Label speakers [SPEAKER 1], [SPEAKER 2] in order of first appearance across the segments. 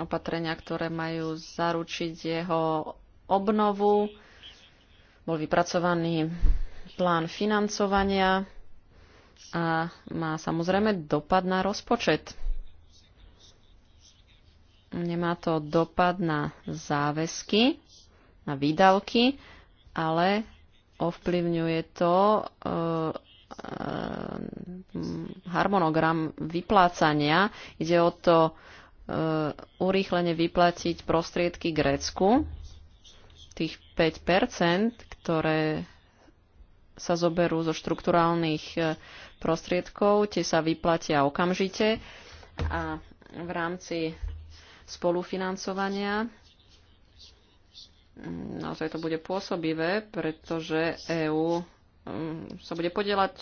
[SPEAKER 1] opatrenia, ktoré majú zaručiť jeho obnovu. Bol vypracovaný plán financovania a má samozrejme dopad na rozpočet. Nemá to dopad na záväzky, na výdavky, ale ovplyvňuje to e, e, harmonogram vyplácania. Ide o to E, urýchlene vyplatiť prostriedky Grécku, tých 5%, ktoré sa zoberú zo štrukturálnych e, prostriedkov, tie sa vyplatia okamžite a v rámci spolufinancovania mm, naozaj to bude pôsobivé, pretože EÚ mm, sa bude podielať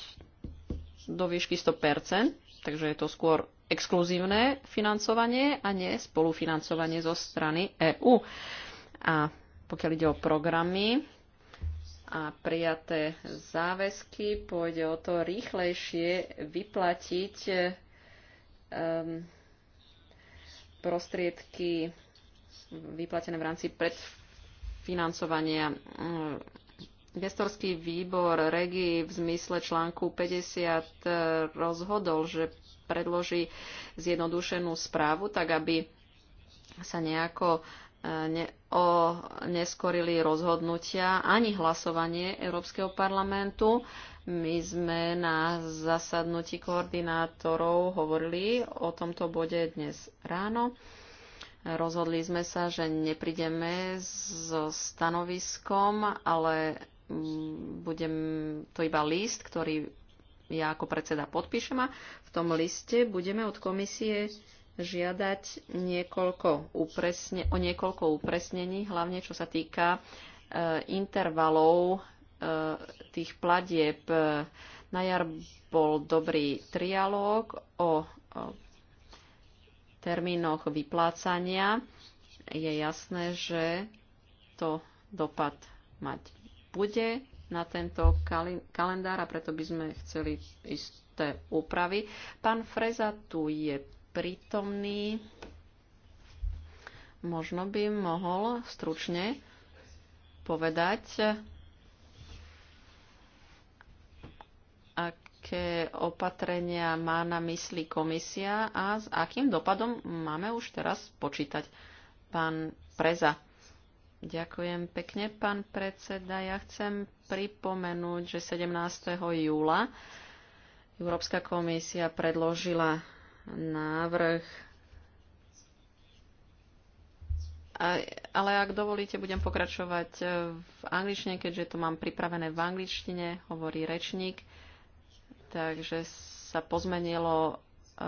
[SPEAKER 1] do výšky 100%, Takže je to skôr exkluzívne financovanie a nie spolufinancovanie zo strany EÚ. A pokiaľ ide o programy a prijaté záväzky, pôjde o to rýchlejšie vyplatiť um, prostriedky vyplatené v rámci predfinancovania um, Gestorský výbor REGI v zmysle článku 50 e, rozhodol, že predloží zjednodušenú správu, tak aby sa nejako e, ne, o, neskorili rozhodnutia ani hlasovanie Európskeho parlamentu. My sme na zasadnutí koordinátorov hovorili o tomto bode dnes ráno. Rozhodli sme sa, že neprídeme so stanoviskom, ale budem to iba list, ktorý ja ako predseda podpíšem a v tom liste budeme od komisie žiadať niekoľko upresne, o niekoľko upresnení, hlavne čo sa týka e, intervalov e, tých platieb. E, na jar bol dobrý trialóg o, o termínoch vyplácania. Je jasné, že to dopad mať bude na tento kalendár a preto by sme chceli isté úpravy. Pán Freza tu je prítomný. Možno by mohol stručne povedať, aké opatrenia má na mysli komisia a s akým dopadom máme už teraz počítať. Pán Preza. Ďakujem pekne, pán predseda. Ja chcem pripomenúť, že 17. júla Európska komisia predložila návrh. Ale ak dovolíte, budem pokračovať v angličtine, keďže to mám pripravené v angličtine, hovorí rečník. Takže sa pozmenilo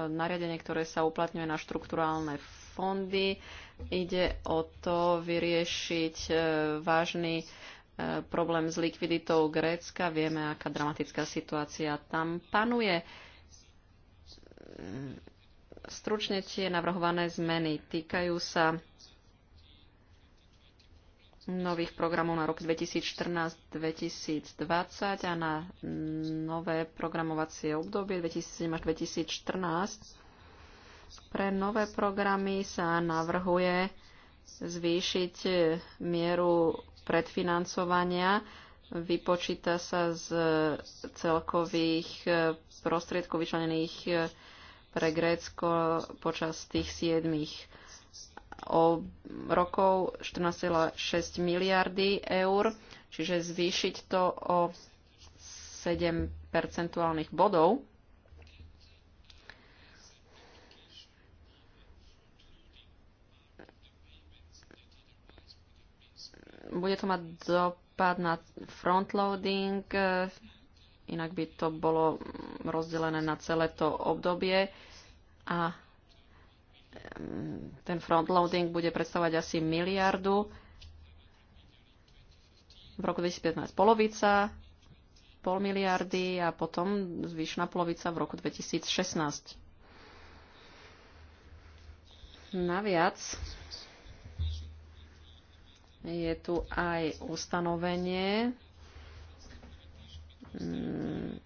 [SPEAKER 1] nariadenie, ktoré sa uplatňuje na štrukturálne fondy. Ide o to vyriešiť e, vážny e, problém s likviditou Grécka. Vieme, aká dramatická situácia tam panuje. Stručne tie navrhované zmeny týkajú sa nových programov na rok 2014-2020 a na nové programovacie obdobie 2007 až 2014. Pre nové programy sa navrhuje zvýšiť mieru predfinancovania. Vypočíta sa z celkových prostriedkov vyčlenených pre Grécko počas tých 7 o rokov 14,6 miliardy eur, čiže zvýšiť to o 7 percentuálnych bodov. Bude to mať dopad na frontloading, inak by to bolo rozdelené na celé to obdobie a ten frontloading bude predstavovať asi miliardu. V roku 2015 polovica, pol miliardy a potom zvyšná polovica v roku 2016. Naviac je tu aj ustanovenie mm,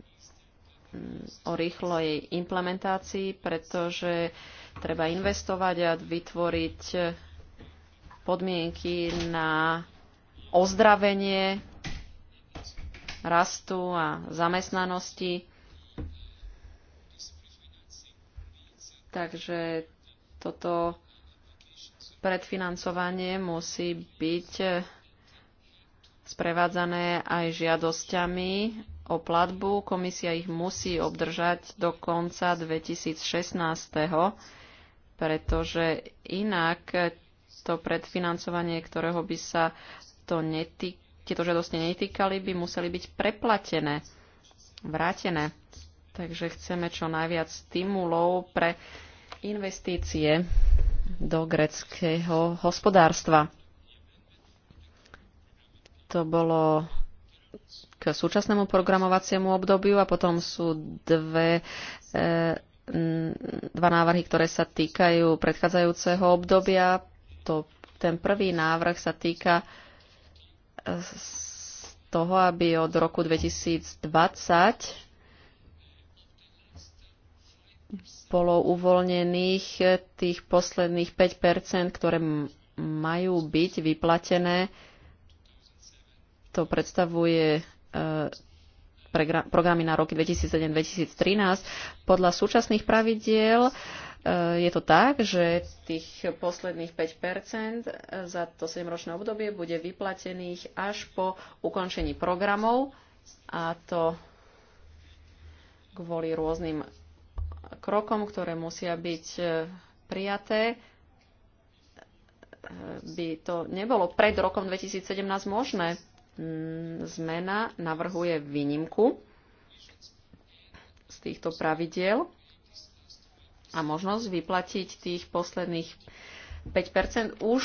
[SPEAKER 1] mm, o rýchlej implementácii, pretože Treba investovať a vytvoriť podmienky na ozdravenie rastu a zamestnanosti. Takže toto predfinancovanie musí byť sprevádzané aj žiadosťami o platbu. Komisia ich musí obdržať do konca 2016 pretože inak to predfinancovanie, ktorého by sa to netý, tieto žiadosti netýkali, by museli byť preplatené, vrátené. Takže chceme čo najviac stimulov pre investície do greckého hospodárstva. To bolo k súčasnému programovaciemu obdobiu a potom sú dve e, Mm, dva návrhy, ktoré sa týkajú predchádzajúceho obdobia. To, ten prvý návrh sa týka e, toho, aby od roku 2020 bolo uvoľnených tých posledných 5 ktoré majú byť vyplatené. To predstavuje e, programy na roky 2007-2013. Podľa súčasných pravidiel e, je to tak, že tých posledných 5 za to 7-ročné obdobie bude vyplatených až po ukončení programov a to kvôli rôznym krokom, ktoré musia byť e, prijaté e, by to nebolo pred rokom 2017 možné. Mm, zmena navrhuje výnimku z týchto pravidiel a možnosť vyplatiť tých posledných 5 už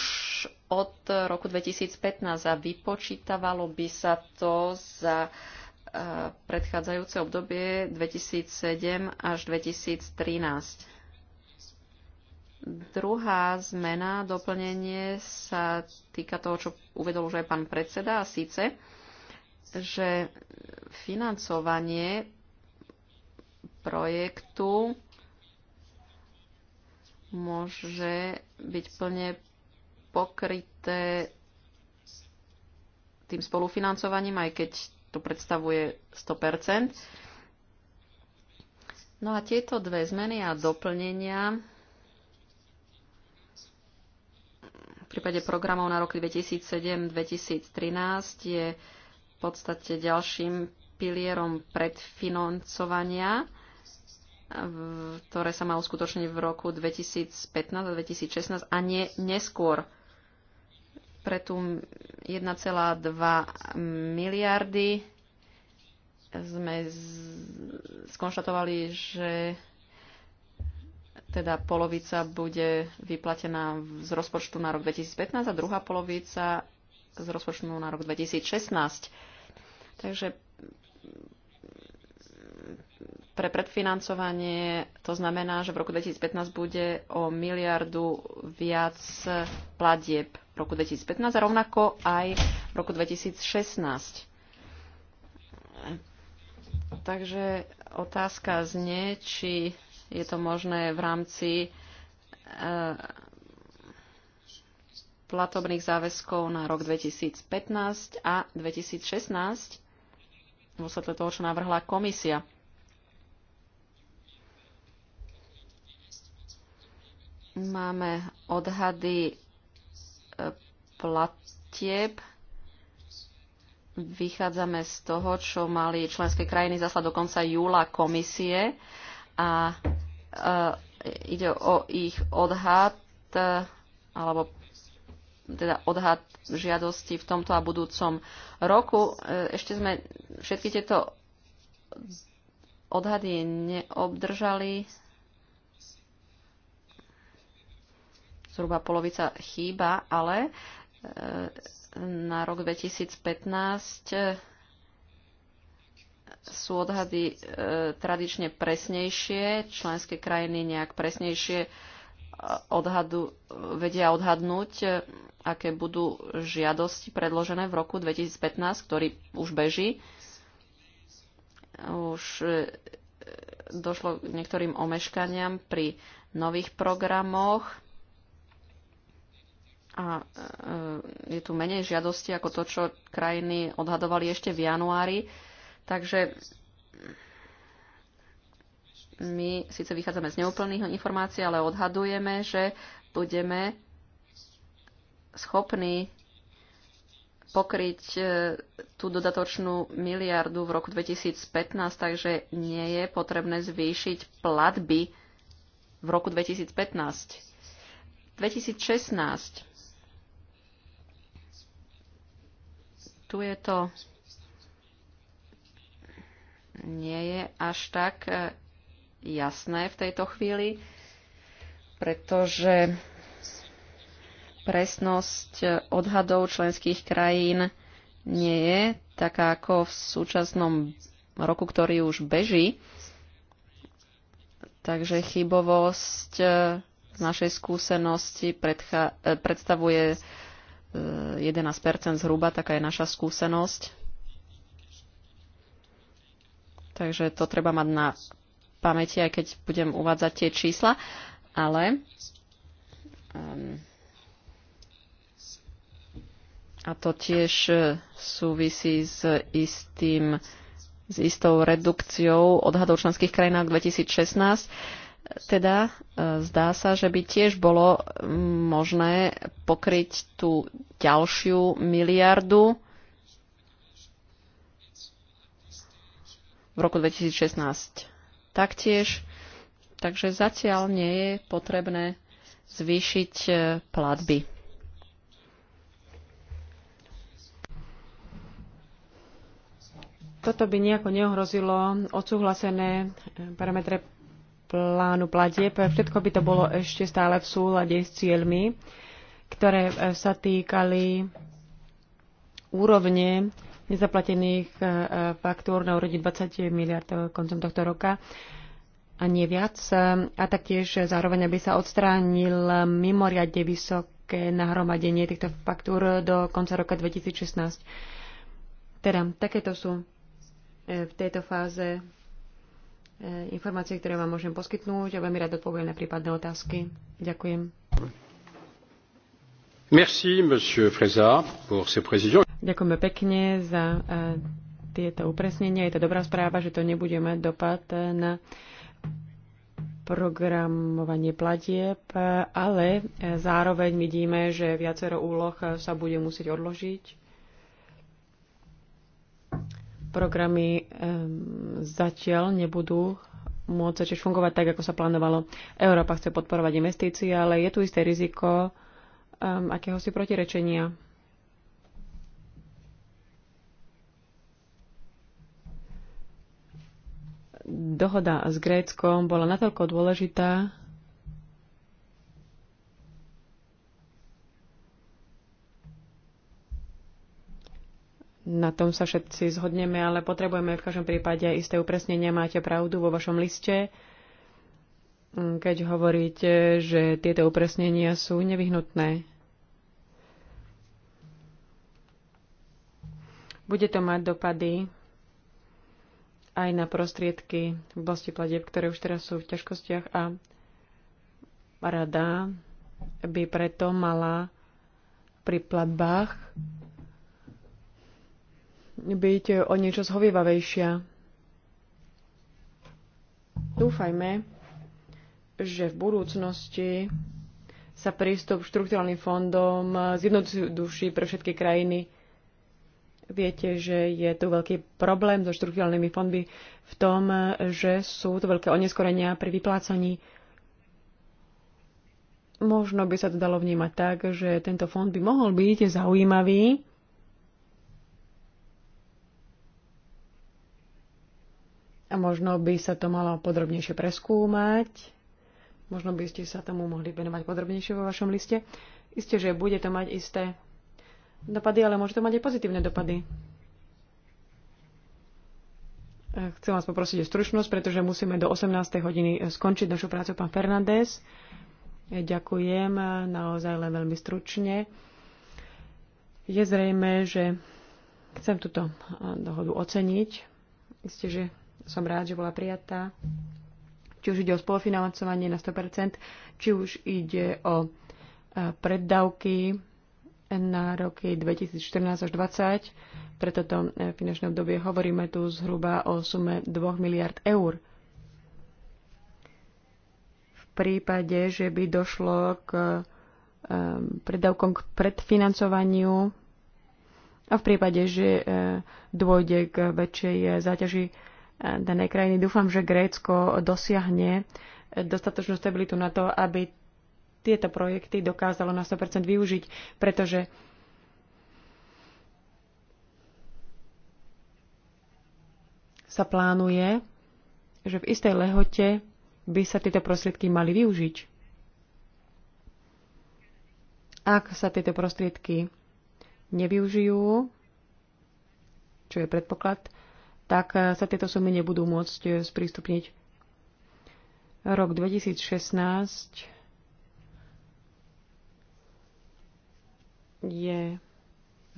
[SPEAKER 1] od roku 2015 a vypočítavalo by sa to za e, predchádzajúce obdobie 2007 až 2013. Druhá zmena, doplnenie sa týka toho, čo uvedol už aj pán predseda, a síce, že financovanie projektu môže byť plne pokryté tým spolufinancovaním, aj keď to predstavuje 100%. No a tieto dve zmeny a doplnenia prípade programov na roky 2007-2013 je v podstate ďalším pilierom predfinancovania, ktoré sa má uskutočniť v roku 2015 a 2016 a nie neskôr. Pre tú 1,2 miliardy sme skonštatovali, že teda polovica bude vyplatená z rozpočtu na rok 2015 a druhá polovica z rozpočtu na rok 2016. Takže pre predfinancovanie to znamená, že v roku 2015 bude o miliardu viac platieb v roku 2015 a rovnako aj v roku 2016. Takže otázka znie, či je to možné v rámci e, platobných záväzkov na rok 2015 a 2016 v dôsledku toho, čo navrhla komisia. Máme odhady e, platieb. Vychádzame z toho, čo mali členské krajiny zaslať do konca júla komisie a ide o ich odhad, eh, alebo teda odhad žiadosti v tomto a budúcom roku. Eh, ešte sme všetky tieto odhady neobdržali. Zhruba polovica chýba, ale eh, na rok 2015 sú odhady e, tradične presnejšie, členské krajiny nejak presnejšie e, odhadu, vedia odhadnúť, e, aké budú žiadosti predložené v roku 2015, ktorý už beží. Už e, došlo k niektorým omeškaniam pri nových programoch a e, e je tu menej žiadosti ako to, čo krajiny odhadovali ešte v januári. E, Takže my síce vychádzame z neúplných informácií, ale odhadujeme, že budeme schopní pokryť e, tú dodatočnú miliardu v roku 2015, takže nie je potrebné zvýšiť platby v roku 2015. 2016. Tu je to nie je až tak e, jasné v tejto chvíli, pretože presnosť e, odhadov členských krajín nie je taká ako v súčasnom roku, ktorý už beží. Takže chybovosť e, z našej skúsenosti predstavuje 11 zhruba, taká je naša skúsenosť. Takže to treba mať na pamäti, aj keď budem uvádzať tie čísla. Ale um, a to tiež e, súvisí s istým s istou redukciou odhadov členských krajín 2016. Teda e, zdá sa, že by tiež bolo možné pokryť tú ďalšiu miliardu v roku 2016 taktiež. Takže zatiaľ nie je potrebné zvýšiť e, platby.
[SPEAKER 2] Toto by nejako neohrozilo odsúhlasené e, parametre plánu platieb. Všetko by to bolo ešte stále v súlade s cieľmi, ktoré e, sa týkali úrovne nezaplatených e, e, faktúr na úrodi 20 miliard e, koncom tohto roka a nie viac. A taktiež zároveň, aby sa odstránil mimoriadne vysoké nahromadenie týchto faktúr do konca roka 2016. Teda, takéto sú v tejto fáze informácie, ktoré vám môžem poskytnúť a veľmi rád odpoviem na prípadné otázky. Ďakujem.
[SPEAKER 3] Merci, monsieur Freza, pour ces précisions.
[SPEAKER 2] Ďakujeme pekne za e, tieto upresnenia. Je to dobrá správa, že to nebude mať dopad na programovanie platieb, ale e, zároveň vidíme, že viacero úloh e, sa bude musieť odložiť. Programy zatiaľ nebudú môcť začať fungovať tak, ako sa plánovalo. Európa chce podporovať investície, ale je tu isté riziko akéhosi protirečenia dohoda s Gréckom bola natoľko dôležitá, Na tom sa všetci zhodneme, ale potrebujeme v každom prípade isté upresnenie. Máte pravdu vo vašom liste, mm, keď hovoríte, že tieto upresnenia sú nevyhnutné. Bude to mať dopady aj na prostriedky v oblasti pladeb, ktoré už teraz sú v ťažkostiach a rada by preto mala pri platbách byť o niečo zhovievavejšia. Dúfajme, že v budúcnosti sa prístup štrukturálnym fondom zjednoduší pre všetky krajiny Viete, že je tu veľký problém so štruktúralnými fondmi v tom, že sú tu veľké oneskorenia pri vyplácaní. Možno by sa to dalo vnímať tak, že tento fond by mohol byť zaujímavý, a možno by sa to malo podrobnejšie preskúmať. Možno by ste sa tomu mohli venovať podrobnejšie vo vašom liste. Isté, že bude to mať isté dopady, ale môže to mať aj pozitívne dopady. E, chcem vás poprosiť o stručnosť, pretože musíme do 18. hodiny e, skončiť našu prácu. Pán Fernández, e, ďakujem naozaj len veľmi stručne. Je zrejme, že chcem túto dohodu oceniť. Isté, že som rád, že bola prijatá. Či už ide o spolufinancovanie na 100%, či už ide o preddavky na roky 2014 až 2020. Pre toto eh, finančné obdobie hovoríme tu zhruba o sume 2 miliard eur. V prípade, že by došlo k predavkom k predfinancovaniu a v prípade, že eh, dôjde k väčšej eh, záťaži danej krajiny, dúfam, že Grécko dosiahne dostatočnú stabilitu na to, aby tieto projekty dokázalo na 100% využiť, pretože sa plánuje, že v istej lehote by sa tieto prostriedky mali využiť. Ak sa tieto prostriedky nevyužijú, čo je predpoklad, tak sa tieto sumy nebudú môcť sprístupniť. Rok 2016 je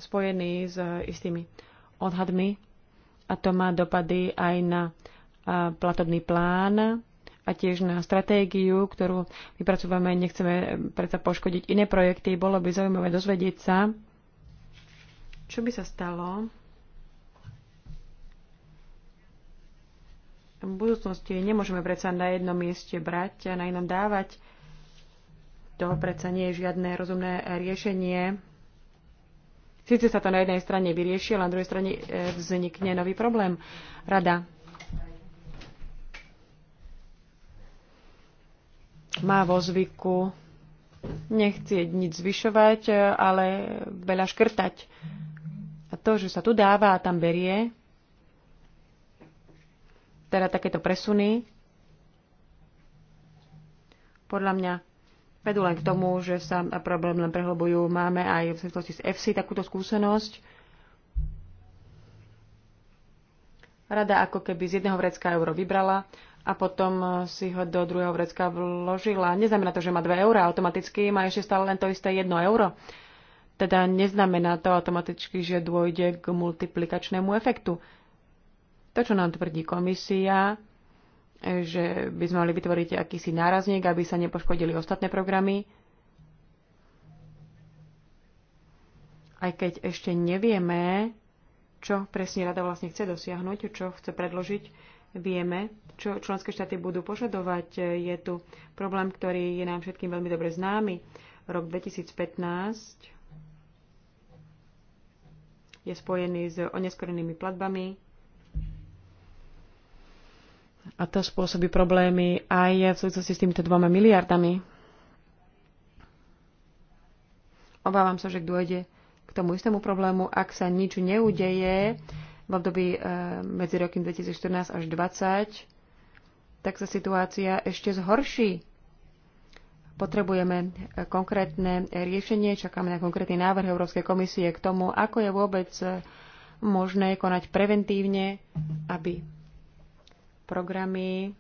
[SPEAKER 2] spojený s eh, istými odhadmi a to má dopady aj na eh, platobný plán a tiež na stratégiu, ktorú vypracovame, nechceme eh, predsa poškodiť iné projekty. Bolo by zaujímavé dozvedieť sa, čo by sa stalo v budúcnosti. Nemôžeme predsa na jednom mieste brať a na inom dávať. To predsa nie je žiadne rozumné riešenie Sice sa to na jednej strane vyrieši, ale na druhej strane e, vznikne nový problém. Rada má vo zvyku nechcieť nič zvyšovať, e, ale veľa škrtať. A to, že sa tu dáva a tam berie, teda takéto presuny, podľa mňa vedú len k tomu, že sa problém len prehlbujú. Máme aj v súvislosti s FC takúto skúsenosť. Rada ako keby z jedného vrecka euro vybrala a potom si ho do druhého vrecka vložila. Neznamená to, že má 2 eurá automaticky, má ešte stále len to isté 1 euro. Teda neznamená to automaticky, že dôjde k multiplikačnému efektu. To, čo nám tvrdí komisia, že by sme mali vytvoriť akýsi nárazník, aby sa nepoškodili ostatné programy. Aj keď ešte nevieme, čo presne rada vlastne chce dosiahnuť, čo chce predložiť, vieme, čo členské štáty budú požadovať. Je tu problém, ktorý je nám všetkým veľmi dobre známy. Rok 2015 je spojený s oneskorenými platbami a to spôsobí problémy aj v súvislosti s týmito dvoma miliardami. Obávam sa, že dôjde k tomu istému problému, ak sa nič neudeje v období e, medzi rokom 2014 až 2020, tak sa situácia ešte zhorší. Potrebujeme e, konkrétne riešenie, čakáme na konkrétny návrh Európskej komisie k tomu, ako je vôbec e, možné konať preventívne, aby programy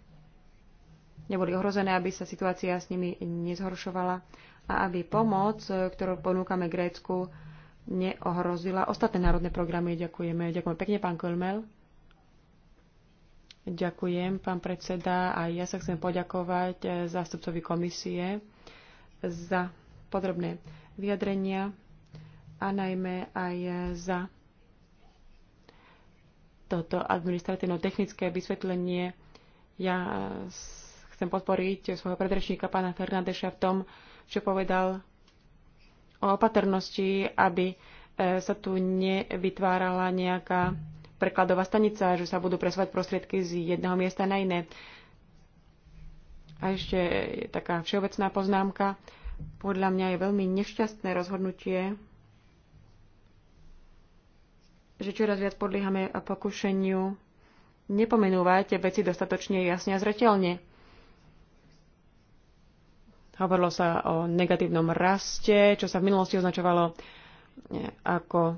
[SPEAKER 2] neboli ohrozené, aby sa situácia s nimi nezhoršovala a aby pomoc, ktorú ponúkame Grécku, neohrozila ostatné národné programy. Ďakujeme. Ďakujem pekne, pán Kolmel. Ďakujem, pán predseda. A ja sa chcem poďakovať eh, zástupcovi komisie za podrobné vyjadrenia a najmä aj eh, za toto administratívno-technické vysvetlenie. Ja eh, chcem podporiť svojho predrečníka pána Fernandeša v tom, čo povedal o opatrnosti, aby eh, sa tu nevytvárala nejaká prekladová stanica, že sa budú presovať prostriedky z jedného miesta na iné. A ešte je taká všeobecná poznámka. Podľa mňa je veľmi nešťastné rozhodnutie že čoraz viac podliehame pokušeniu nepomenúvať veci dostatočne jasne a zretelne. Hovorilo sa o negatívnom raste, čo sa v minulosti označovalo eh, ako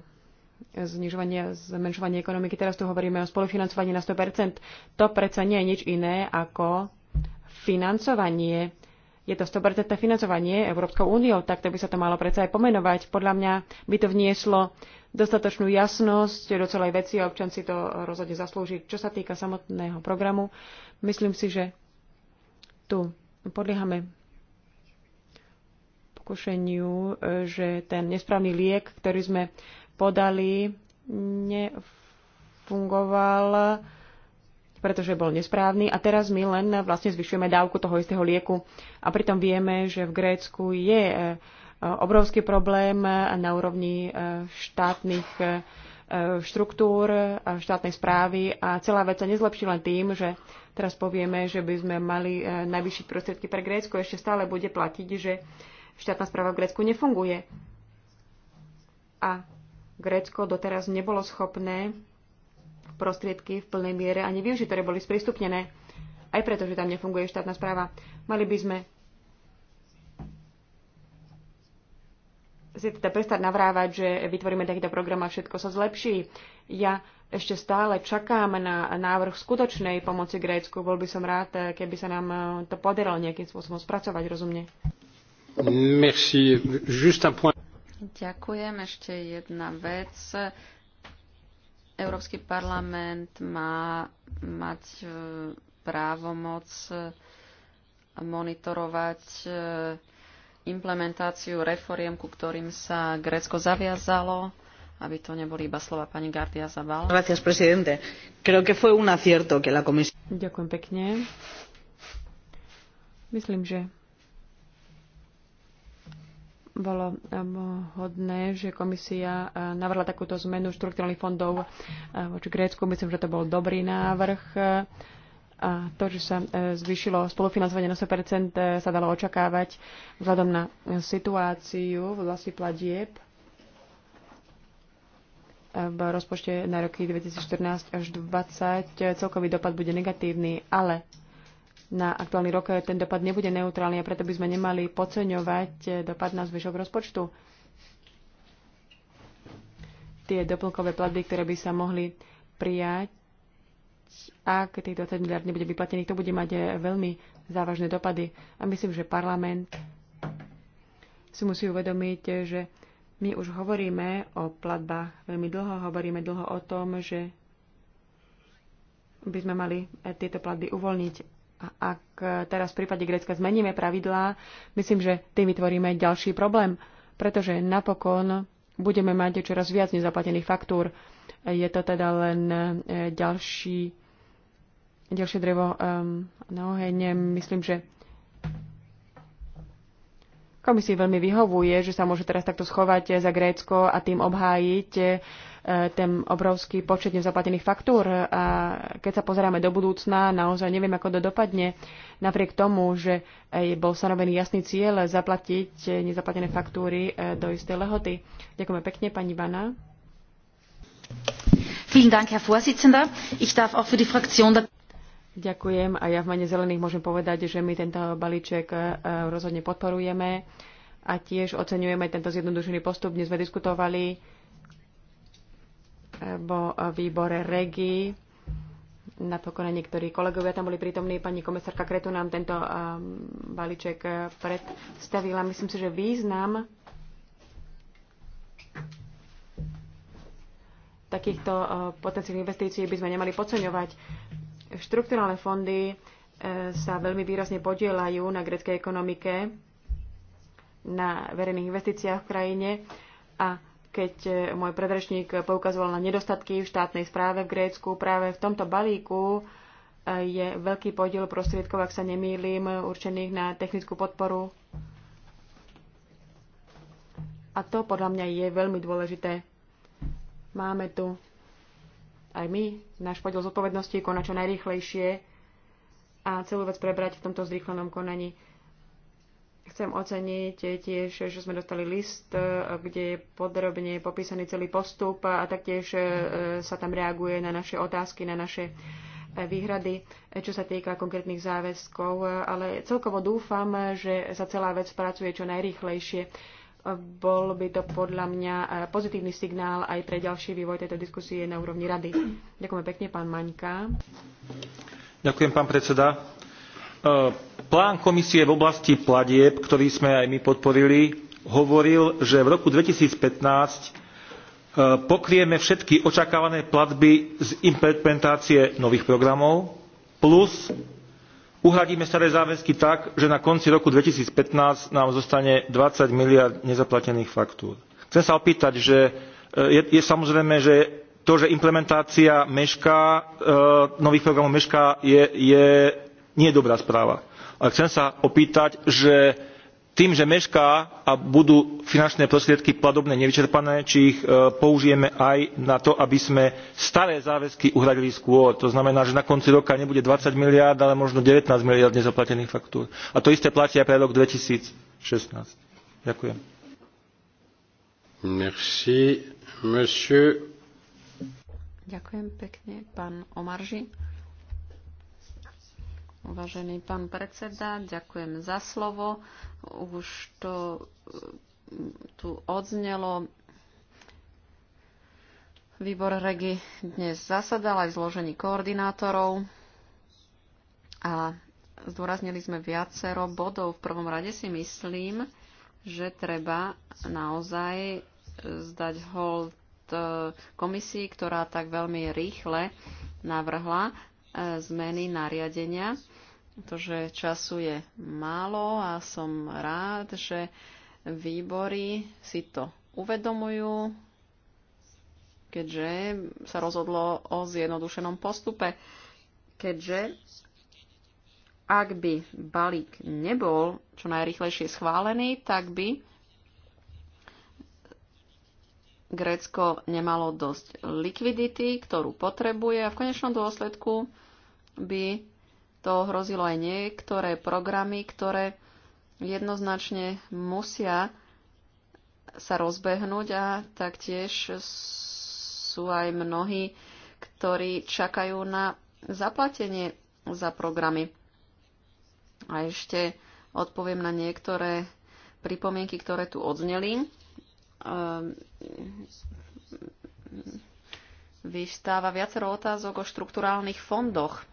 [SPEAKER 2] znižovanie, zmenšovanie ekonomiky. Teraz tu hovoríme o spolufinancovaní na 100%. To predsa nie je nič iné ako financovanie je to 100% financovanie Európskou úniou, tak to by sa to malo predsa aj pomenovať. Podľa mňa by to vnieslo dostatočnú jasnosť do celej veci a občan si to rozhodne zaslúži. Čo sa týka samotného programu, myslím si, že tu podliehame pokušeniu, že ten nesprávny liek, ktorý sme podali, nefungoval pretože bol nesprávny a teraz my len vlastne zvyšujeme dávku toho istého lieku. A pritom vieme, že v Grécku je e, obrovský problém na úrovni e, štátnych e, štruktúr, štátnej správy a celá vec sa nezlepší len tým, že teraz povieme, že by sme mali najvyššie prostriedky pre Grécko, ešte stále bude platiť, že štátna správa v Grécku nefunguje. A Grécko doteraz nebolo schopné prostriedky v plnej miere ani ktoré boli sprístupnené, aj preto, že tam nefunguje štátna správa. Mali by sme si teda prestať navrávať, že vytvoríme takýto program a všetko sa zlepší. Ja ešte stále čakám na návrh skutočnej pomoci Grécku. Bol by som rád, keby sa nám to podarilo nejakým spôsobom spracovať rozumne.
[SPEAKER 3] Merci. Just un point.
[SPEAKER 2] Ďakujem. Ešte jedna vec.
[SPEAKER 1] Európsky parlament má mať e, právomoc e, monitorovať e, implementáciu reforiem, ku ktorým sa Grécko zaviazalo, aby to neboli iba slova pani Gardia Zabal.
[SPEAKER 2] Ďakujem pekne. Myslím, že bolo eh, hodné, že komisia eh, navrhla takúto zmenu štruktúrnych fondov eh, voči Grécku. Myslím, že to bol dobrý návrh. A to, že sa zvýšilo spolufinancovanie na 100%, sa dalo očakávať vzhľadom na situáciu v oblasti platieb v rozpočte na roky 2014 až 2020. Celkový dopad bude negatívny, ale na aktuálny rok eh, ten dopad nebude neutrálny a preto by sme nemali podceňovať eh, dopad na zvyšok rozpočtu. Tie doplnkové platby, ktoré by sa mohli prijať, ak tých 20 miliard nebude vyplatených, to bude mať eh, veľmi závažné dopady. A myslím, že parlament si musí uvedomiť, že my už hovoríme o platbách veľmi dlho, hovoríme dlho o tom, že by sme mali tieto platby uvoľniť a ak teraz v prípade Grécka zmeníme pravidlá, myslím, že tým vytvoríme ďalší problém, pretože napokon budeme mať čoraz viac nezaplatených faktúr. Je to teda len e, ďalší, ďalšie drevo um, na oheň. Myslím, že komisii veľmi vyhovuje, že sa môže teraz takto schovať za Grécko a tým obhájiť ten obrovský počet nezaplatených faktúr. A keď sa pozeráme do budúcna, naozaj neviem, ako to dopadne. Napriek tomu, že e, bol stanovený jasný cieľ zaplatiť e, nezaplatené faktúry e, do istej lehoty. Ďakujeme pekne, pani Vana. Ďakujem a ja v mene zelených môžem povedať, že my tento balíček rozhodne podporujeme a tiež oceňujeme tento zjednodušený postup. Dnes sme diskutovali vo výbore REGI. Napokon niektorí kolegovia tam boli prítomní. Pani komisárka Kretu nám tento um, balíček uh, predstavila. Myslím si, že význam takýchto uh, potenciálnych investícií by sme nemali podceňovať. Štrukturálne fondy uh, sa veľmi výrazne podielajú na greckej ekonomike, na verejných investíciách v krajine a keď e, môj predrečník poukazoval na nedostatky v štátnej správe v Grécku. Práve v tomto balíku e, je veľký podiel prostriedkov, ak sa nemýlim, určených na technickú podporu. A to podľa mňa je veľmi dôležité. Máme tu aj my náš podiel zodpovednosti konať čo najrýchlejšie a celú vec prebrať v tomto zrýchlenom konaní. Chcem oceniť tiež, že sme dostali list, e, kde je podrobne popísaný celý postup a taktiež e, sa tam reaguje na naše otázky, na naše e, výhrady, čo sa týka konkrétnych záväzkov, ale celkovo dúfam, že sa celá vec pracuje čo najrýchlejšie. Bol by to podľa mňa pozitívny signál aj pre ďalší vývoj tejto diskusie na úrovni rady. Ďakujem pekne, pán Maňka.
[SPEAKER 3] Ďakujem, pán predseda E, plán komisie v oblasti platieb ktorý sme aj my podporili hovoril že v roku two thousand and fifteen pokrieme všetky očakávané platby z implementácie nových programov plus uhradíme staré záväzky tak že na konci roku two thousand and fifteen nám zostane twenty miliárd nezaplatených faktúr. chcem sa opýtať že e, je, je samozrejme že to že implementácia mešká e, nových programov mešká je, je nie je dobrá správa. A chcem sa opýtať, že tým, že mešká a budú finančné prostriedky platobné nevyčerpané, či ich e, použijeme aj na to, aby sme staré záväzky uhradili skôr. To znamená, že na konci roka nebude 20 miliárd, ale možno 19 miliárd nezaplatených faktúr. A to isté platí aj pre rok 2016. Ďakujem. Merci,
[SPEAKER 1] Ďakujem pekne, pán Omarži. Vážený pán predseda, ďakujem za slovo. Už to mm, tu odznelo. Výbor Regi dnes zasadal aj zložení koordinátorov a zdôraznili sme viacero bodov. V prvom rade si myslím, že treba naozaj zdať hold e, komisii, ktorá tak veľmi rýchle navrhla e, zmeny nariadenia pretože času je málo a som rád, že výbory si to uvedomujú, keďže sa rozhodlo o zjednodušenom postupe, keďže ak by balík nebol čo najrychlejšie schválený, tak by Grécko nemalo dosť likvidity, ktorú potrebuje a v konečnom dôsledku by to hrozilo aj niektoré programy, ktoré jednoznačne musia sa rozbehnúť a taktiež sú aj mnohí, ktorí čakajú na zaplatenie za programy. A ešte odpoviem na niektoré pripomienky, ktoré tu odzneli. Ehm, Vystáva viacero otázok o štruktúrálnych fondoch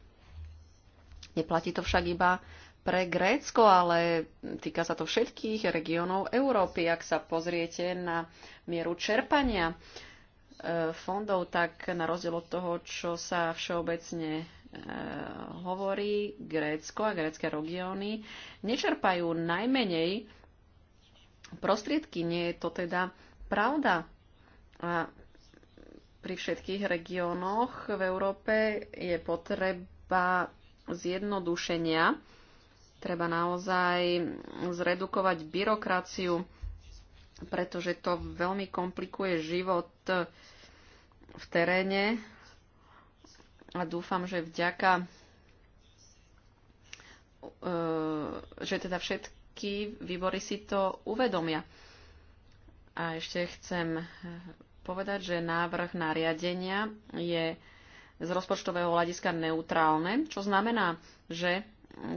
[SPEAKER 1] Neplatí to však iba pre Grécko, ale týka sa to všetkých regiónov Európy. Ak sa pozriete na mieru čerpania e, fondov, tak na rozdiel od toho, čo sa všeobecne e, hovorí, Grécko a grécké regióny nečerpajú najmenej prostriedky. Nie je to teda pravda. A pri všetkých regiónoch v Európe je potreba zjednodušenia. Treba naozaj zredukovať byrokraciu, pretože to veľmi komplikuje život v teréne a dúfam, že vďaka e, že teda všetky výbory si to uvedomia. A ešte chcem povedať, že návrh nariadenia je z rozpočtového hľadiska neutrálne, čo znamená, že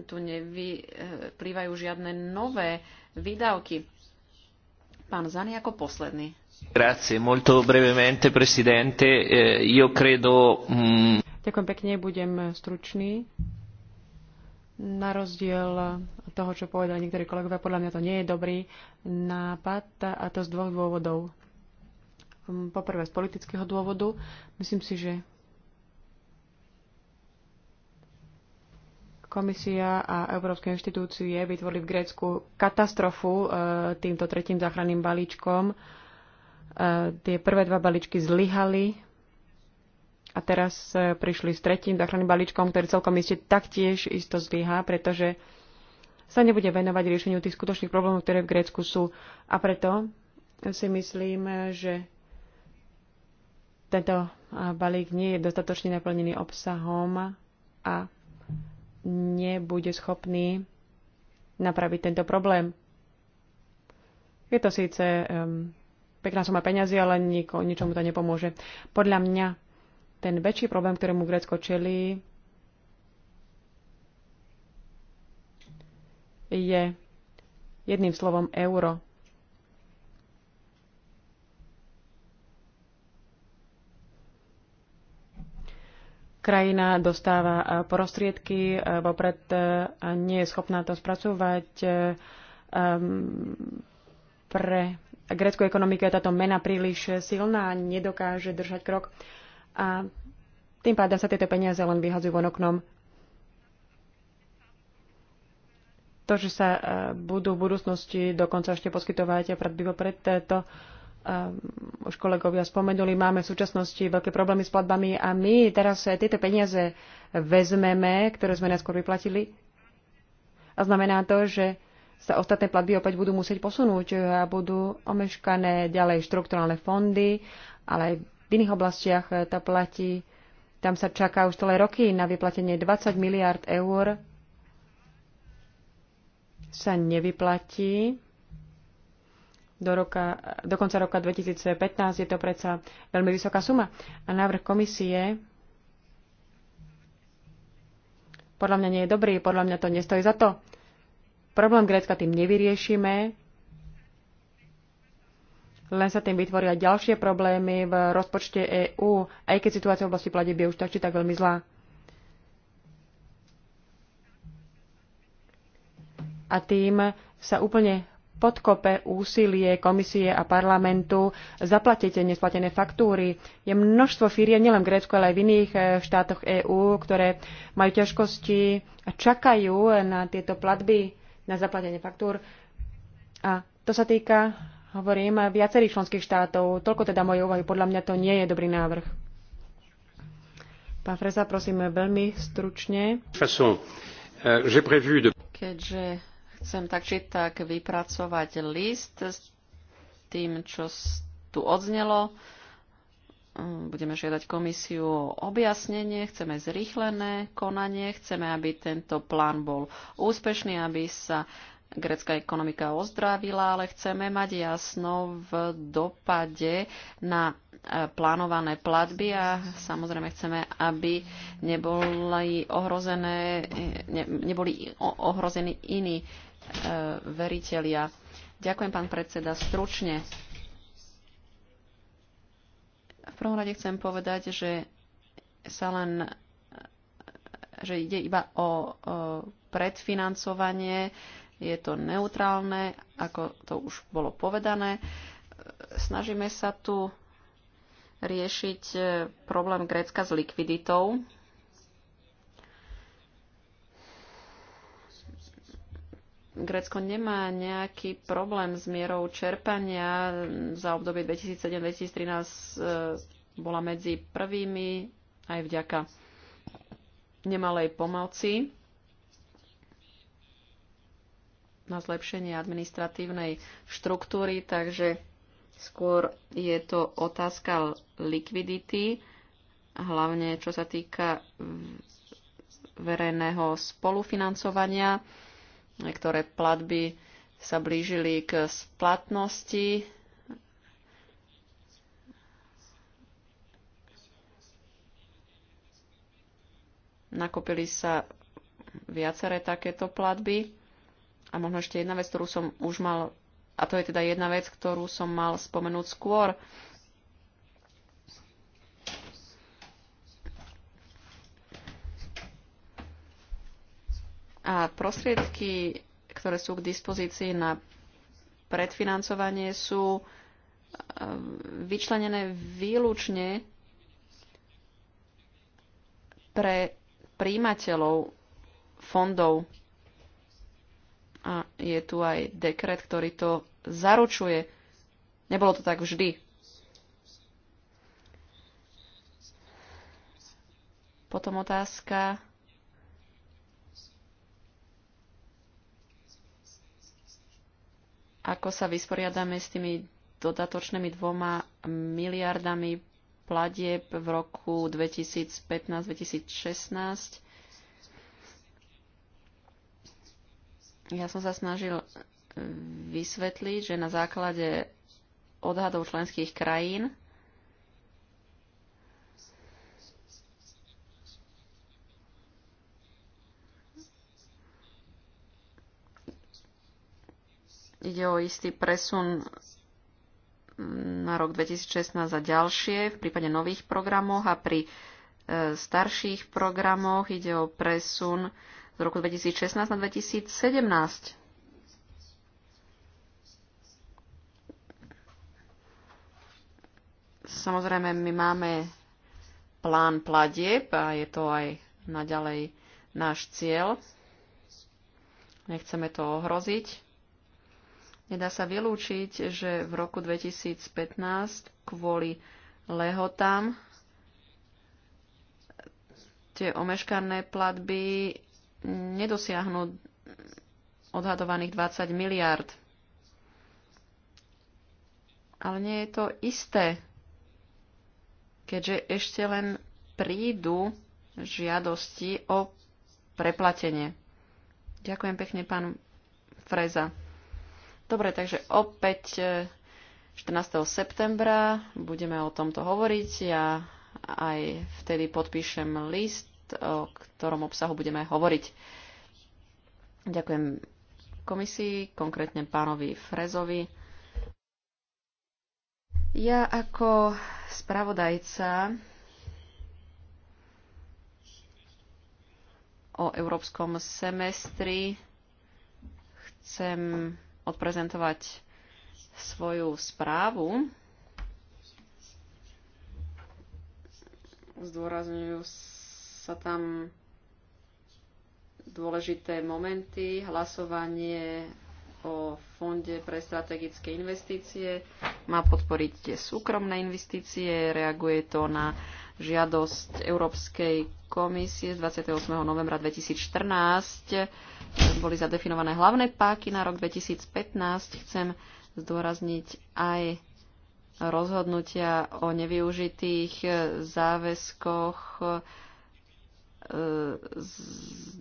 [SPEAKER 1] tu nevyplývajú žiadne nové výdavky. Pán Zani ako posledný.
[SPEAKER 3] Grazie, molto brevemente, presidente. Eh, io credo... Mm,
[SPEAKER 2] Ďakujem pekne, budem stručný. Na rozdiel od toho, čo povedali niektorí kolegovia, podľa mňa to nie je dobrý nápad a to z dvoch dôvodov. Mm, poprvé z politického dôvodu. Myslím si, že Komisia a európske inštitúcie vytvorili v Grécku katastrofu e, týmto tretím záchranným balíčkom. E, tie prvé dva balíčky zlyhali a teraz e, prišli s tretím záchranným balíčkom, ktorý celkom iste taktiež isto zlyhá, pretože sa nebude venovať riešeniu tých skutočných problémov, ktoré v Grécku sú. A preto si myslím, že tento balík nie je dostatočne naplnený obsahom a nebude schopný napraviť tento problém. Je to síce um, pekná suma peňazí, ale niko, ničomu to nepomôže. Podľa mňa ten väčší problém, ktorému Grécko čelí, je jedným slovom euro. krajina dostáva e, prostriedky e, vopred e, nie je schopná to spracovať. Pre greckú ekonomiku je táto mena príliš silná, a nedokáže držať krok a tým pádom sa tieto peniaze len vyhazujú von oknom. To, že sa budú v budúcnosti dokonca ešte poskytovať a predbivo pred to, Ehm, už kolegovia spomenuli, máme v súčasnosti veľké problémy s platbami a my teraz tieto peniaze vezmeme, ktoré sme najskôr vyplatili. A znamená to, že sa ostatné platby opäť budú musieť posunúť a budú omeškané ďalej štrukturálne fondy, ale aj v iných oblastiach to platí. Tam sa čaká už celé roky na vyplatenie 20 miliard eur sa nevyplatí do, roka, do konca roka 2015 je to predsa veľmi vysoká suma. A návrh komisie podľa mňa nie je dobrý, podľa mňa to nestojí za to. Problém Grécka tým nevyriešime, len sa tým vytvoria ďalšie problémy v rozpočte EÚ, aj keď situácia v oblasti platieb je už tak či tak veľmi zlá. A tým sa úplne podkope úsilie komisie a parlamentu zaplatiť nesplatené faktúry. Je množstvo firiem, nielen v Grécku, ale aj v iných eh, štátoch EÚ, ktoré majú ťažkosti a čakajú na tieto platby, na zaplatenie faktúr. A to sa týka, hovorím, viacerých členských štátov. Toľko teda moje úvahy. Podľa mňa to nie je dobrý návrh. Pán Freza, prosím veľmi stručne.
[SPEAKER 3] Euh,
[SPEAKER 1] Keďže Chcem tak či tak vypracovať list s tým, čo tu odznelo. Mm, budeme žiadať komisiu o objasnenie, chceme zrýchlené konanie, chceme, aby tento plán bol úspešný, aby sa grecká ekonomika ozdravila, ale chceme mať jasno v dopade na e, plánované platby a samozrejme chceme, aby neboli, ohrozené, e, ne, neboli ohrození iní E, veritelia. Ďakujem, pán predseda, stručne. V prvom rade chcem povedať, že sa len že ide iba o, predfinancovanie, je to neutrálne, ako to už bolo povedané. Snažíme sa tu riešiť e, problém Grécka s likviditou, Grécko nemá nejaký problém s mierou čerpania. Za obdobie 2007-2013 eh, bola medzi prvými aj vďaka nemalej pomoci na zlepšenie administratívnej štruktúry, takže skôr je to otázka likvidity, hlavne čo sa týka verejného spolufinancovania Niektoré platby sa blížili k splatnosti. Nakopili sa viaceré takéto platby. A možno ešte jedna vec, ktorú som už mal, a to je teda jedna vec, ktorú som mal spomenúť skôr. A prostriedky, ktoré sú k dispozícii na predfinancovanie, sú e, vyčlenené výlučne pre príjimateľov fondov. A je tu aj dekret, ktorý to zaručuje. Nebolo to tak vždy. Potom otázka ako sa vysporiadame s tými dodatočnými dvoma miliardami platieb v roku 2015-2016. Ja som sa snažil vysvetliť, že na základe odhadov členských krajín Ide o istý presun na rok 2016 za ďalšie v prípade nových programoch a pri e, starších programoch ide o presun z roku 2016 na 2017. Samozrejme, my máme plán platieb a je to aj naďalej náš cieľ. Nechceme to ohroziť. Nedá sa vylúčiť, že v roku 2015 kvôli lehotám tie omeškané platby nedosiahnu odhadovaných 20 miliard. Ale nie je to isté, keďže ešte len prídu žiadosti o preplatenie. Ďakujem pekne, pán Freza. Dobre, takže opäť 14. E, septembra budeme o tomto hovoriť. Ja aj vtedy podpíšem list, o ktorom obsahu budeme hovoriť. Ďakujem komisii, konkrétne pánovi Frezovi. Ja ako spravodajca o európskom semestri chcem odprezentovať svoju správu. Zdôrazňujú sa tam dôležité momenty, hlasovanie o Fonde pre strategické investície, má podporiť tie súkromné investície, reaguje to na žiadosť Európskej komisie z 28. novembra 2014. Boli zadefinované hlavné páky na rok 2015. Chcem zdôrazniť aj rozhodnutia o nevyužitých záväzkoch eh, z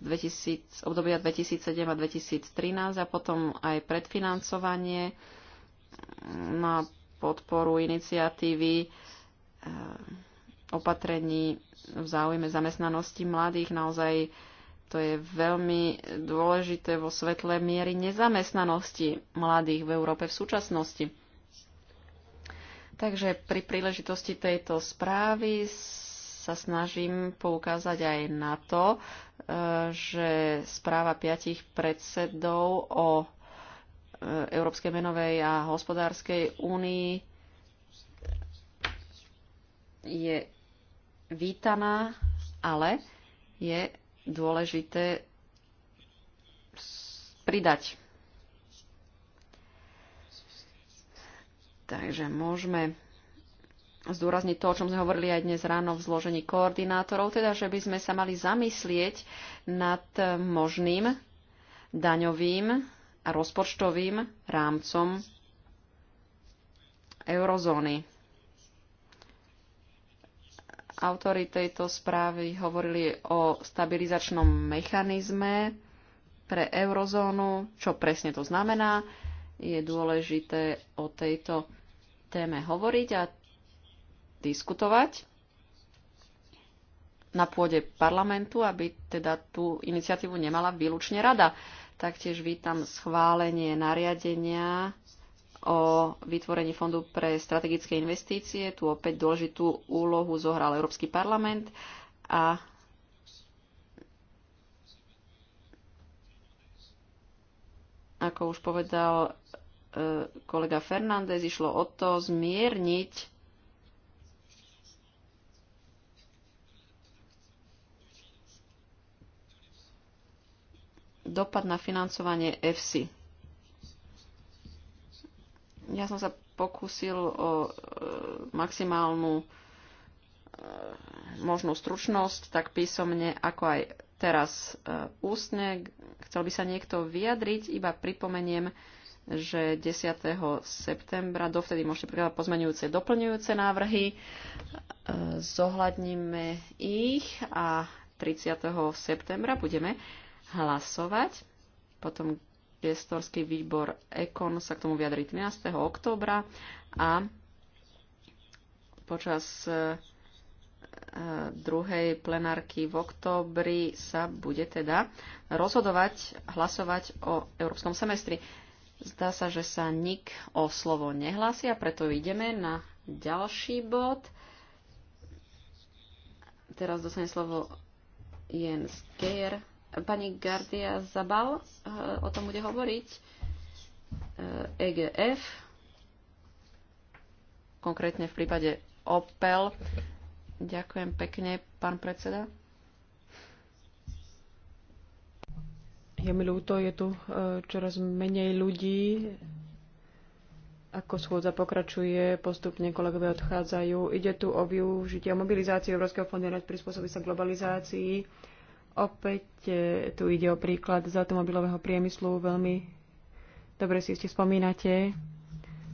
[SPEAKER 1] 2000, obdobia 2007 a 2013 a potom aj predfinancovanie eh, na podporu iniciatívy eh, opatrení v záujme zamestnanosti mladých. Naozaj to je veľmi dôležité vo svetle miery nezamestnanosti mladých v Európe v súčasnosti. Takže pri príležitosti tejto správy sa snažím poukázať aj na to, e, že správa piatich predsedov o e, Európskej menovej a hospodárskej únii je vítaná, ale je dôležité pridať. Takže môžeme zdôrazniť to, o čom sme hovorili aj dnes ráno v zložení koordinátorov, teda, že by sme sa mali zamyslieť nad možným daňovým a rozpočtovým rámcom eurozóny. Autori tejto správy hovorili o stabilizačnom mechanizme pre eurozónu. Čo presne to znamená? Je dôležité o tejto téme hovoriť a diskutovať na pôde parlamentu, aby teda tú iniciatívu nemala výlučne rada. Taktiež vítam schválenie nariadenia o vytvorení fondu pre strategické investície. Tu opäť dôležitú úlohu zohral Európsky parlament a ako už povedal e, kolega Fernández, išlo o to zmierniť dopad na financovanie EFSI. Ja som sa pokúsil o e, maximálnu e, možnú stručnosť, tak písomne, ako aj teraz e, ústne. Chcel by sa niekto vyjadriť, iba pripomeniem, že 10. septembra, dovtedy môžete pridávať pozmenujúce, doplňujúce návrhy, zohľadníme ich a 30. septembra budeme hlasovať. Potom priestorský výbor EKON sa k tomu vyjadri 13. októbra a počas e, e, druhej plenárky v októbri sa bude teda rozhodovať, hlasovať o európskom semestri. Zdá sa, že sa nik o slovo nehlási a preto ideme na ďalší bod. Teraz dostane slovo Jens Geier. Pani Gardia Zabal eh, o tom bude hovoriť. EGF, eh, e konkrétne v prípade Opel. Ďakujem
[SPEAKER 2] pekne, pán predseda. Je mi ľúto, je tu eh, čoraz menej ľudí. Ako schôdza pokračuje, postupne kolegovia odchádzajú. Ide tu o využitie mobilizácie mobilizáciu Európskeho fondu na prispôsobiť sa globalizácii Opäť e, tu ide o príklad z automobilového priemyslu. Veľmi dobre si ste spomínate,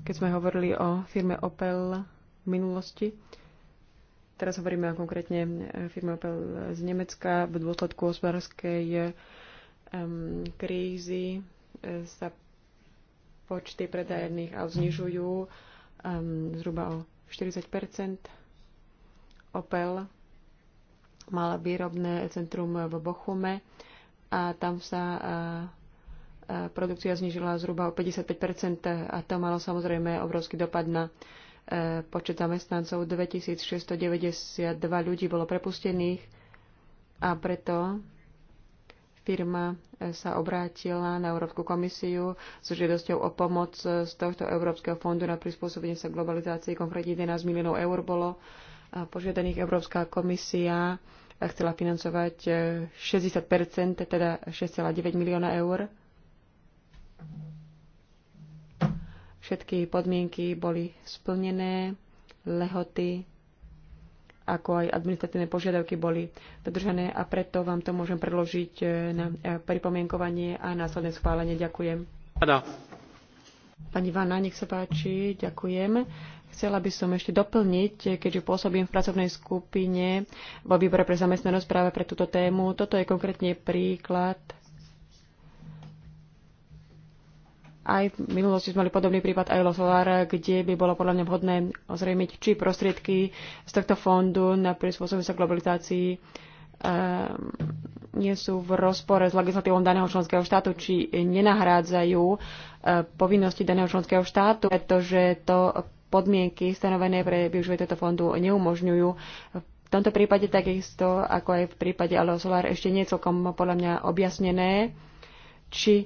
[SPEAKER 2] keď sme hovorili o firme Opel v minulosti. Teraz hovoríme o konkrétne e, firme Opel z Nemecka. V dôsledku hospodárskej um, krízy sa počty predajených aut znižujú um, zhruba o 40 Opel mal výrobné centrum v Bochume a tam sa produkcia znižila zhruba o 55 a to malo samozrejme obrovský dopad na e, počet zamestnancov. 2692 ľudí bolo prepustených a preto firma e, sa obrátila na Európsku komisiu s žiadosťou o pomoc z tohto Európskeho fondu na prispôsobenie sa globalizácii. Konkrétne 11 miliónov eur bolo požiadaných Európska komisia chcela financovať 60 eh, teda 6,9 milióna eur. Všetky podmienky boli splnené, lehoty, ako aj administratívne požiadavky boli dodržané a preto vám to môžem predložiť eh, na eh, pripomienkovanie a následné schválenie. Ďakujem. Pani Vána, nech sa páči, ďakujem. Chcela by som ešte doplniť, keďže pôsobím v pracovnej skupine vo výbore pre zamestnanosť práve pre túto tému. Toto je konkrétne príklad. Aj v minulosti sme mali podobný prípad aj Solar, kde by bolo podľa mňa vhodné ozrejmiť, či prostriedky z tohto fondu na prispôsobenie sa globalizácii ehm, nie sú v rozpore s legislatívou daného členského štátu, či nenahrádzajú e, povinnosti daného členského štátu, pretože to podmienky stanovené pre využívanie tohto fondu neumožňujú. V tomto prípade takisto, ako aj v prípade Aleo Solar, ešte nie je celkom podľa mňa objasnené, či e,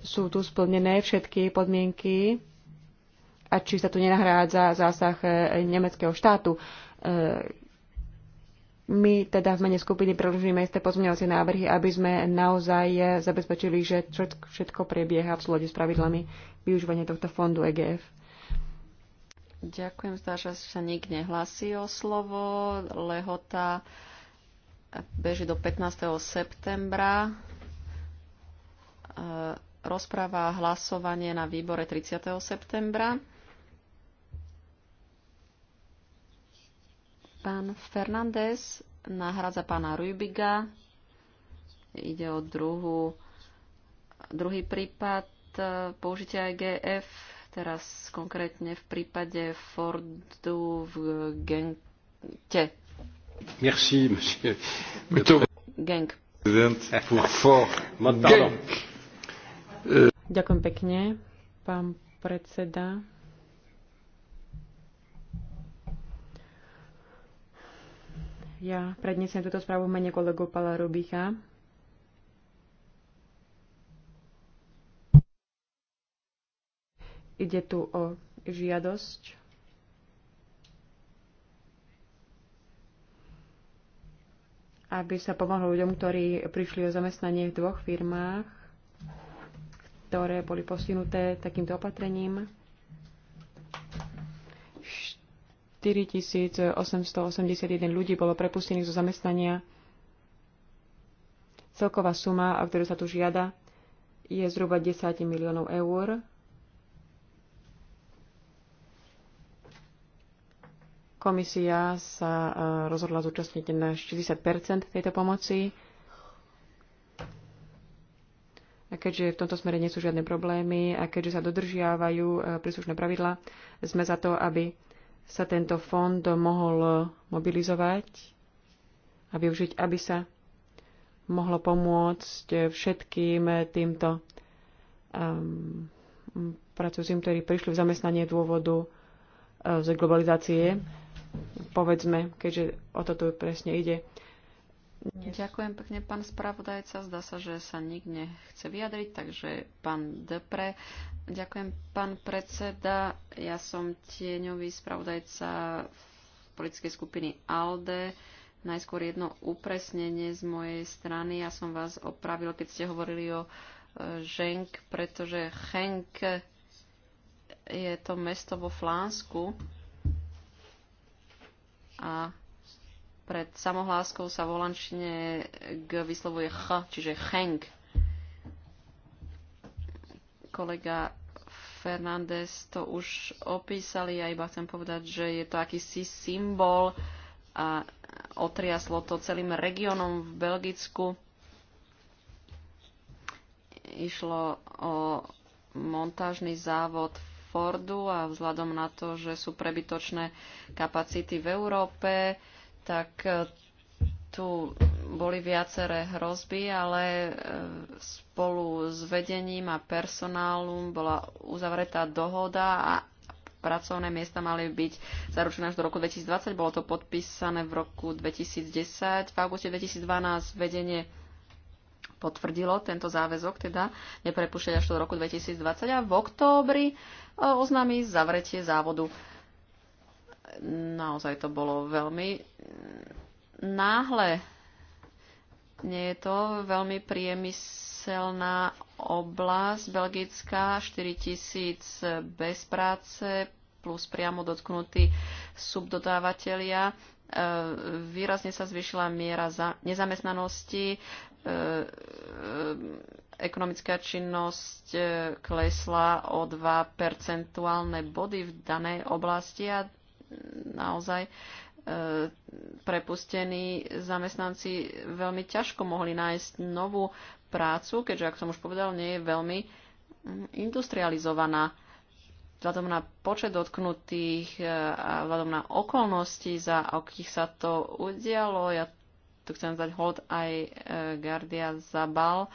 [SPEAKER 2] sú tu splnené všetky podmienky a či sa tu nenahrádza zásah e, nemeckého štátu. E, my teda v mene skupiny preložíme isté pozmeňovacie návrhy, aby sme naozaj zabezpečili, že všetko prebieha v slode s pravidlami využívania tohto fondu EGF.
[SPEAKER 1] Ďakujem, zdá, že sa nik nehlasí o slovo. Lehota beží do 15. septembra. E, rozpráva a hlasovanie na výbore 30. septembra. Pán Fernández nahradza pána Rubiga. Ide o druhú, druhý prípad e, použitia GF teraz konkrétne v prípade Fordu v Gente. Merci, monsieur. Genk. No,
[SPEAKER 2] euh, Ďakujem pekne, pán predseda. Ja prednesiem túto správu v mene kolegu Pala Rubicha. Ide tu o žiadosť aby sa pomohlo ľuďom, ktorí prišli o zamestnanie v dvoch firmách, ktoré boli postihnuté takýmto opatrením. 4881 ľudí bolo prepustených zo zamestnania. Celková suma, o ktorú sa tu žiada, je zhruba 10 miliónov eur. Komisia sa e, rozhodla zúčastniť na 40 tejto pomoci. A keďže v tomto smere nie sú žiadne problémy a keďže sa dodržiavajú e, príslušné pravidla, sme za to, aby sa tento fond mohol mobilizovať a využiť, aby sa mohlo pomôcť všetkým týmto um, ehm, pracujúcim, ktorí prišli v zamestnanie dôvodu e, z globalizácie povedzme, keďže o toto presne ide.
[SPEAKER 1] Ďakujem pekne, pán spravodajca. Zdá sa, že sa nik nechce vyjadriť, takže pán Depre. Ďakujem, pán predseda. Ja som tieňový spravodajca politickej skupiny ALDE. Najskôr jedno upresnenie z mojej strany. Ja som vás opravil, keď ste hovorili o e, Ženk, pretože Henk je to mesto vo Flánsku a pred samohláskou sa volančne G vyslovuje Ch, čiže Cheng. Kolega Fernández to už opísali, ja iba chcem povedať, že je to akýsi symbol a otriaslo to celým regiónom v Belgicku. Išlo o montážny závod v Fordu a vzhľadom na to, že sú prebytočné kapacity v Európe, tak e, tu boli viaceré hrozby, ale e, spolu s vedením a personálom bola uzavretá dohoda a pracovné miesta mali byť zaručené až do roku 2020. Bolo to podpísané v roku 2010. V auguste 2012 vedenie potvrdilo tento záväzok, teda neprepušťať až do roku 2020 a v októbri e, oznámi zavretie závodu. Naozaj to bolo veľmi mm, náhle. Nie je to veľmi priemyselná oblasť belgická, 4000 bez práce, plus priamo dotknutí subdodávateľia e, výrazne sa zvyšila miera nezamestnanosti, E, e, ekonomická činnosť e, klesla o 2 percentuálne body v danej oblasti a naozaj prepustení zamestnanci veľmi ťažko mohli nájsť novú prácu, keďže, ako som už povedal, nie je veľmi mm, industrializovaná. Vzhľadom na počet dotknutých a vzhľadom na okolnosti, za akých sa to udialo, ja tu chcem zdať hod aj e, Guardia Zabal e,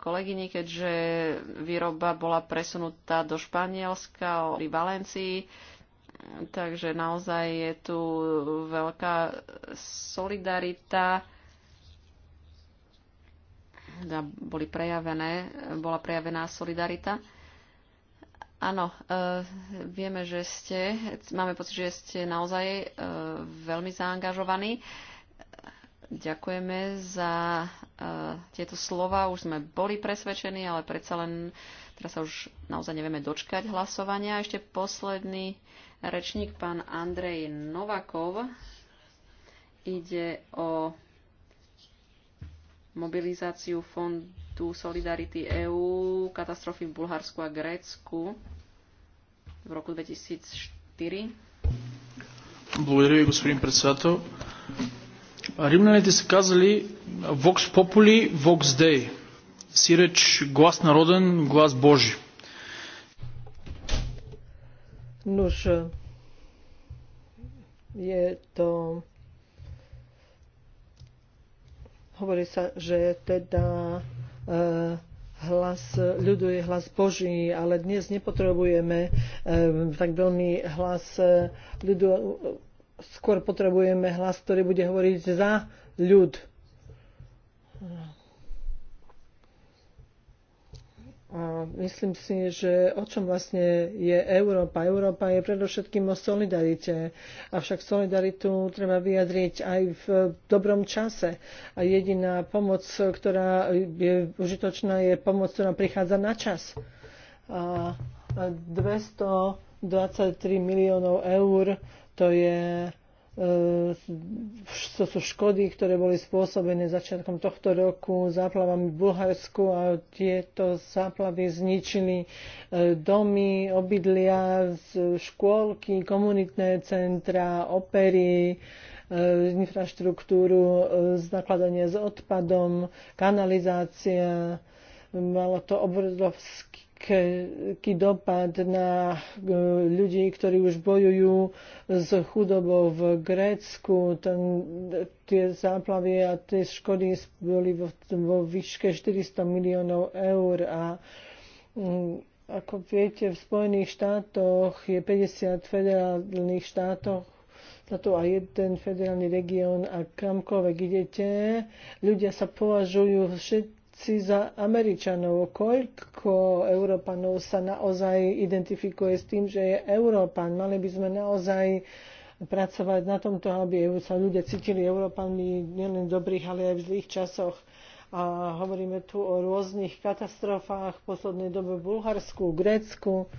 [SPEAKER 1] kolegyni, keďže výroba bola presunutá do Španielska, pri Valencii, takže naozaj je tu veľká solidarita. Boli prejavené, bola prejavená solidarita. Áno, e, vieme, že ste, máme pocit, že ste naozaj veľmi zaangažovaní. Ďakujeme za uh, tieto slova. Už sme boli presvedčení, ale predsa len teraz sa už naozaj nevieme dočkať hlasovania. Ešte posledný rečník, pán Andrej Novakov. Ide o mobilizáciu fondu Solidarity EU, katastrofy v Bulharsku a Grécku v roku 2004.
[SPEAKER 3] Благодарю, господин председател. Римляните са казали Vox Populi, Vox Dei. Сиреч глас народен, глас Божи. Nuž, je to... Hovorí sa, že teda e, hlas ľudu je hlas Boží, ale dnes nepotrebujeme e, tak veľmi hlas ľudu skôr potrebujeme hlas, ktorý bude hovoriť za ľud. A myslím si, že o čom vlastne je Európa. Európa je predovšetkým o solidarite. Avšak solidaritu treba vyjadriť aj v dobrom čase. A jediná pomoc, ktorá je užitočná, je pomoc, ktorá prichádza na čas. A 223 miliónov eur to je e, to sú škody, ktoré boli spôsobené začiatkom tohto roku záplavami v Bulharsku a tieto záplavy zničili e, domy, obydlia, škôlky, komunitné centra, opery, e, infraštruktúru, nakladanie s odpadom, kanalizácia. Malo to obrovský veľký dopad na e, ľudí, ktorí už bojujú s chudobou v Grécku. Ten, tie záplavy a tie škody boli vo, vo výške 400 miliónov eur a mm, ako viete, v Spojených štátoch je 50 federálnych štátov to a jeden federálny región a kamkoľvek idete, ľudia sa považujú všetko si za Američanov, koľko Európanov sa naozaj identifikuje s tým, že je Európan. Mali by sme naozaj pracovať na tomto, aby sa ľudia cítili Európanmi nielen v dobrých, ale aj v zlých časoch. A hovoríme tu o rôznych katastrofách v poslednej dobe v Bulharsku, Grécku.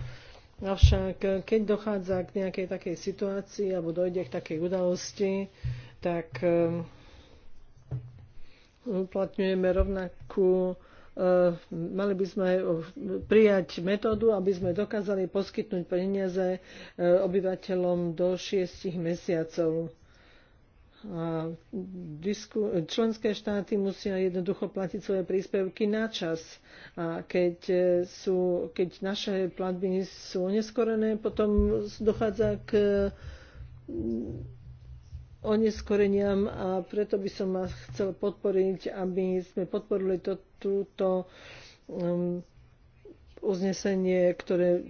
[SPEAKER 3] Avšak keď dochádza k nejakej takej situácii alebo dojde k takej udalosti, tak um, uplatňujeme rovnak nejakú eh, mali by sme eh, prijať metódu, aby sme dokázali poskytnúť peniaze eh, obyvateľom do šiestich mesiacov. A členské štáty musia jednoducho platiť svoje príspevky na čas. A keď, sú, keď naše platby sú oneskorené, potom dochádza k oneskoreniam a preto by som vás chcel podporiť, aby sme podporili to, túto um, uznesenie, ktoré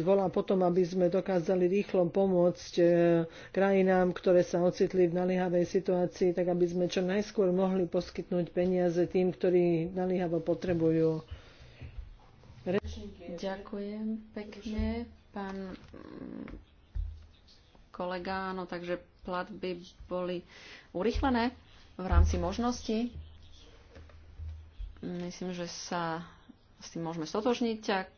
[SPEAKER 3] zvolá potom, aby sme dokázali rýchlo pomôcť eh, krajinám, ktoré sa ocitli v naliehavej situácii, tak aby sme čo najskôr mohli poskytnúť peniaze tým, ktorí naliehavo potrebujú.
[SPEAKER 1] Ďakujem pekne, pán mm, kolega. No takže platby boli urychlené v rámci možností. Myslím, že sa s tým môžeme stotožniť. Ak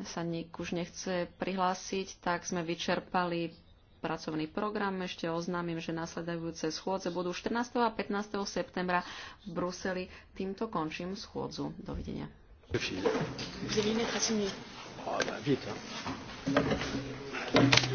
[SPEAKER 1] sa nik už nechce prihlásiť, tak sme vyčerpali pracovný program. Ešte oznámim, že nasledujúce schôdze budú 14. a 15. septembra v Bruseli. Týmto končím schôdzu. Dovidenia.
[SPEAKER 2] Vous
[SPEAKER 3] allez mettre à signer.
[SPEAKER 2] Oh, bah, vite.
[SPEAKER 1] Hein.